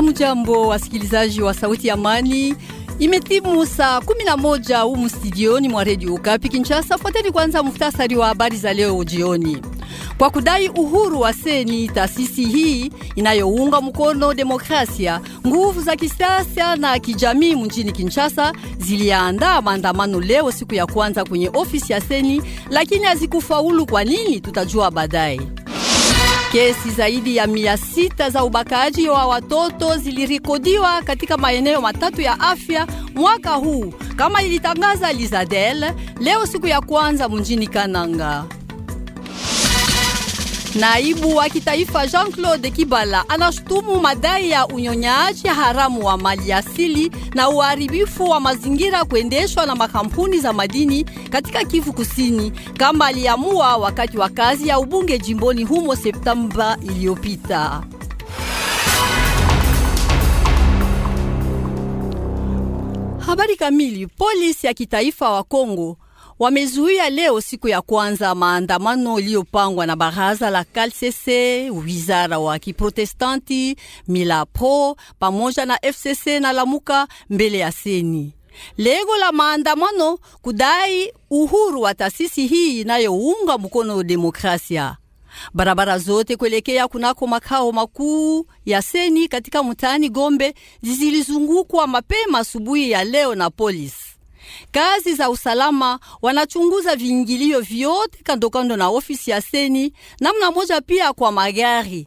jambo wasikilizaji wa Sauti ya Amani. Imetimu saa 11 humu studioni mwa redio ukapi Kinshasa. Fuateni kwanza muhtasari wa habari za leo jioni. Kwa kudai uhuru wa seni, taasisi hii inayounga mkono demokrasia, nguvu za kisiasa na kijamii mjini Kinshasa ziliandaa maandamano leo siku ya kwanza kwenye ofisi ya seni, lakini hazikufaulu. Kwa nini? Tutajua baadaye. Kesi zaidi ya mia sita za ubakaji wa watoto zilirekodiwa katika maeneo matatu ya afya mwaka huu, kama ilitangaza Lizadel leo siku ya kwanza mjini Kananga. Naibu wa kitaifa Jean-Claude Kibala anashutumu madai ya unyonyaji haramu wa mali asili na uharibifu wa mazingira kuendeshwa na makampuni za madini katika Kivu Kusini, kama aliamua wakati wa kazi ya ubunge jimboni humo Septemba iliyopita. Habari kamili. Polisi ya kitaifa wa Kongo wamezuia leo siku ya kwanza maandamano iliyopangwa na baraza la KLCC, wizara wa Kiprotestanti, milapo pamoja na FCC na Lamuka mbele ya Seni. Lengo la maandamano kudai uhuru wa taasisi hii inayounga mkono demokrasia. Barabara zote kuelekea kunako makao makuu ya Seni katika mtaani Gombe zilizungukwa mapema asubuhi ya leo na polisi. Kazi za usalama wanachunguza viingilio vyote kandokando na ofisi ya seni, namna moja pia kwa magari.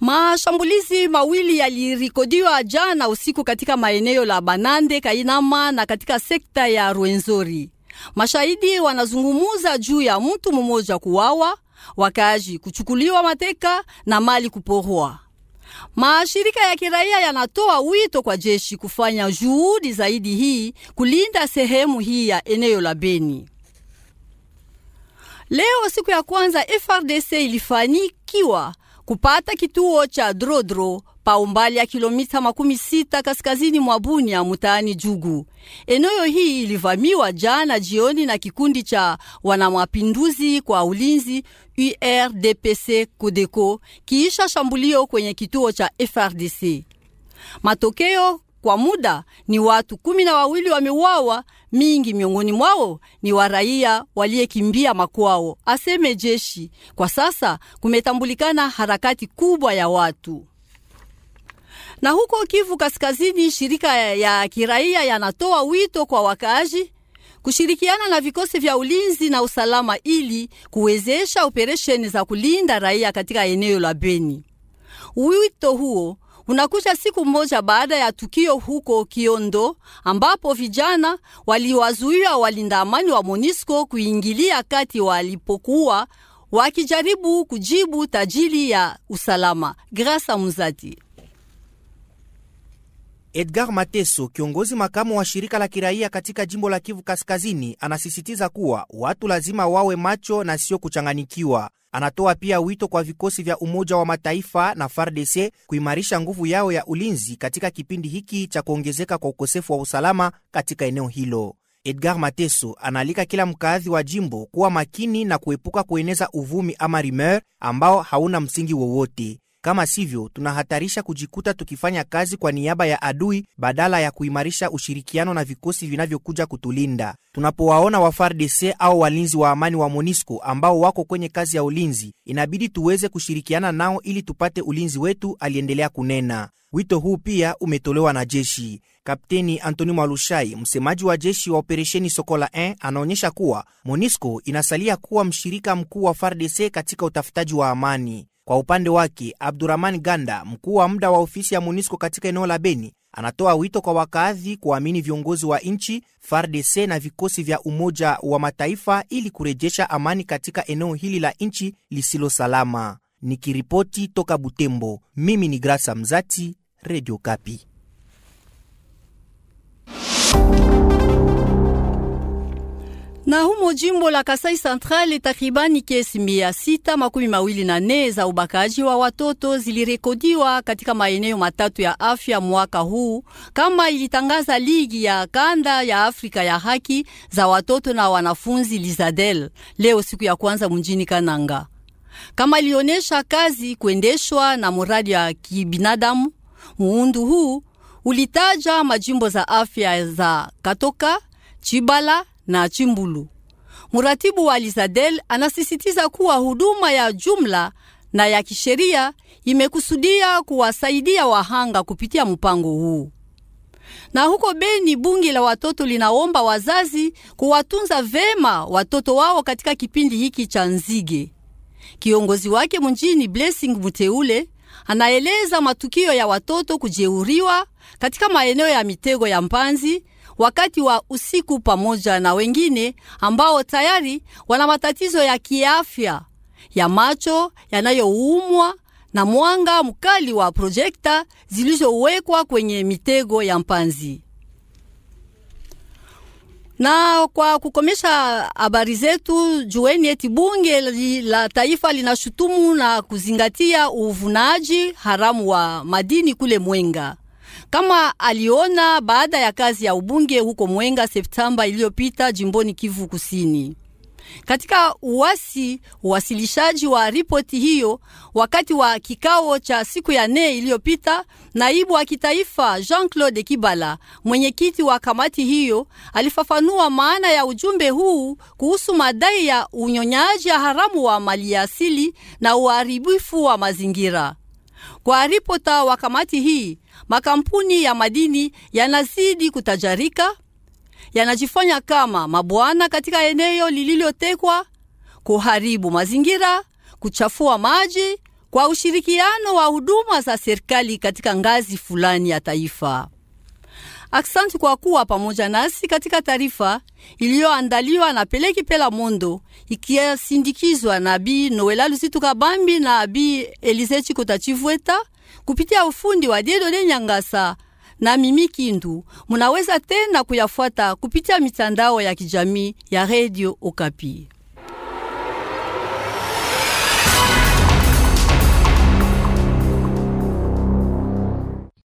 Mashambulizi mawili yalirikodiwa jana usiku katika maeneo la Banande, Kainama na katika sekta ya ruenzori Mashahidi wanazungumuza juu ya mtu mmoja kuwawa, wakaaji kuchukuliwa mateka na mali kuporwa. Mashirika ya kiraia yanatoa wito kwa jeshi kufanya juhudi zaidi hii kulinda sehemu hii ya eneo la Beni. Leo siku ya kwanza FRDC ilifanikiwa kupata kituo cha Drodro pa umbali ya kilomita makumi sita kaskazini mwa Bunia mutaani Jugu. Eneo hii ilivamiwa jana jioni na kikundi cha wanamapinduzi kwa ulinzi URDPC Kodeko kiisha shambulio kwenye kituo cha FRDC. Matokeo kwa muda ni watu kumi na wawili wameuawa, mingi miongoni mwao ni waraia waliyekimbia makwao, aseme jeshi. Kwa sasa kumetambulikana harakati kubwa ya watu na huko Kivu Kaskazini, shirika ya kiraia yanatoa wito kwa wakaaji kushirikiana na vikosi vya ulinzi na usalama ili kuwezesha operesheni za kulinda raia katika eneo la Beni. Wito huo unakuja siku moja baada ya tukio huko Kiondo ambapo vijana waliwazuia walinda amani wa Monisco kuingilia kati walipokuwa wakijaribu kujibu tajili ya usalama. Grasa Mzati. Edgar Mateso, kiongozi makamu wa shirika la kiraia katika jimbo la Kivu Kaskazini, anasisitiza kuwa watu lazima wawe macho na sio kuchanganyikiwa. Anatoa pia wito kwa vikosi vya Umoja wa Mataifa na FARDC kuimarisha nguvu yao ya ulinzi katika kipindi hiki cha kuongezeka kwa ukosefu wa usalama katika eneo hilo. Edgar Mateso anaalika kila mkaadhi wa jimbo kuwa makini na kuepuka kueneza uvumi ama rumeur ambao hauna msingi wowote. Kama sivyo, tunahatarisha kujikuta tukifanya kazi kwa niaba ya adui badala ya kuimarisha ushirikiano na vikosi vinavyokuja kutulinda. Tunapowaona wa FARDC au walinzi wa amani wa MONUSCO ambao wako kwenye kazi ya ulinzi, inabidi tuweze kushirikiana nao ili tupate ulinzi wetu, aliendelea kunena. Wito huu pia umetolewa na jeshi. Kapteni Antoni Mwalushai, msemaji wa jeshi wa operesheni Sokola 1, anaonyesha kuwa MONUSCO inasalia kuwa mshirika mkuu wa FARDC katika utafutaji wa amani. Kwa upande wake, Abdurahman Ganda, mkuu wa muda wa ofisi ya MONUSCO katika eneo la Beni, anatoa wito kwa wakaazi kuamini viongozi wa nchi, FARDC na vikosi vya Umoja wa Mataifa ili kurejesha amani katika eneo hili la nchi lisilo salama. Nikiripoti toka Butembo, mimi ni Grasa Mzati, Redio Kapi. jimbo la Kasai Central takribani kesi mia sita makumi mawili na nne za ubakaji wa watoto zilirekodiwa katika maeneo matatu ya afya mwaka huu, kama ilitangaza ligi ya kanda ya Afrika ya haki za watoto na wanafunzi Lizadel leo siku ya kwanza mjini Kananga, kama ilionyesha kazi kuendeshwa na muradi wa kibinadamu. Muundu huu ulitaja majimbo za afya za Katoka, Chibala na Chimbulu muratibu wa Alizadel anasisitiza kuwa huduma ya jumla na ya kisheria imekusudia kuwasaidia wahanga kupitia mpango huu. Na huko Beni, bunge la watoto linaomba wazazi kuwatunza vema watoto wao katika kipindi hiki cha nzige. Kiongozi wake mjini Blessing Muteule anaeleza matukio ya watoto kujeuriwa katika maeneo ya mitego ya mpanzi wakati wa usiku pamoja na wengine ambao tayari wana matatizo ya kiafya ya macho yanayoumwa na mwanga mkali wa projekta zilizowekwa kwenye mitego ya mpanzi. Na kwa kukomesha habari zetu, jueni eti bunge la taifa linashutumu na kuzingatia uvunaji haramu wa madini kule Mwenga kama aliona baada ya kazi ya ubunge huko Mwenga Septemba iliyopita jimboni Kivu Kusini. Katika uwasi uwasilishaji wa ripoti hiyo wakati wa kikao cha siku ya nne iliyopita, naibu wa kitaifa Jean-Claude Kibala, mwenyekiti wa kamati hiyo, alifafanua maana ya ujumbe huu kuhusu madai ya unyonyaji haramu wa mali asili na uharibifu wa mazingira. Kwa ripota wa kamati hii, makampuni ya madini yanazidi kutajarika, yanajifanya kama mabwana katika eneo lililotekwa, kuharibu mazingira, kuchafua maji kwa ushirikiano wa huduma za serikali katika ngazi fulani ya taifa. Aksanti kwa kuwa pamoja nasi katika taarifa iliyoandaliwa na Peleki Pela Mondo, ikisindikizwa na Bi Noela Lusitu Kabambi na Bi Elize Chikota Chivweta kupitia ufundi wa Diedone Nyangasa na Mimi Kindu. Munaweza tena kuyafuata kupitia mitandao ya kijamii ya Radio Okapi.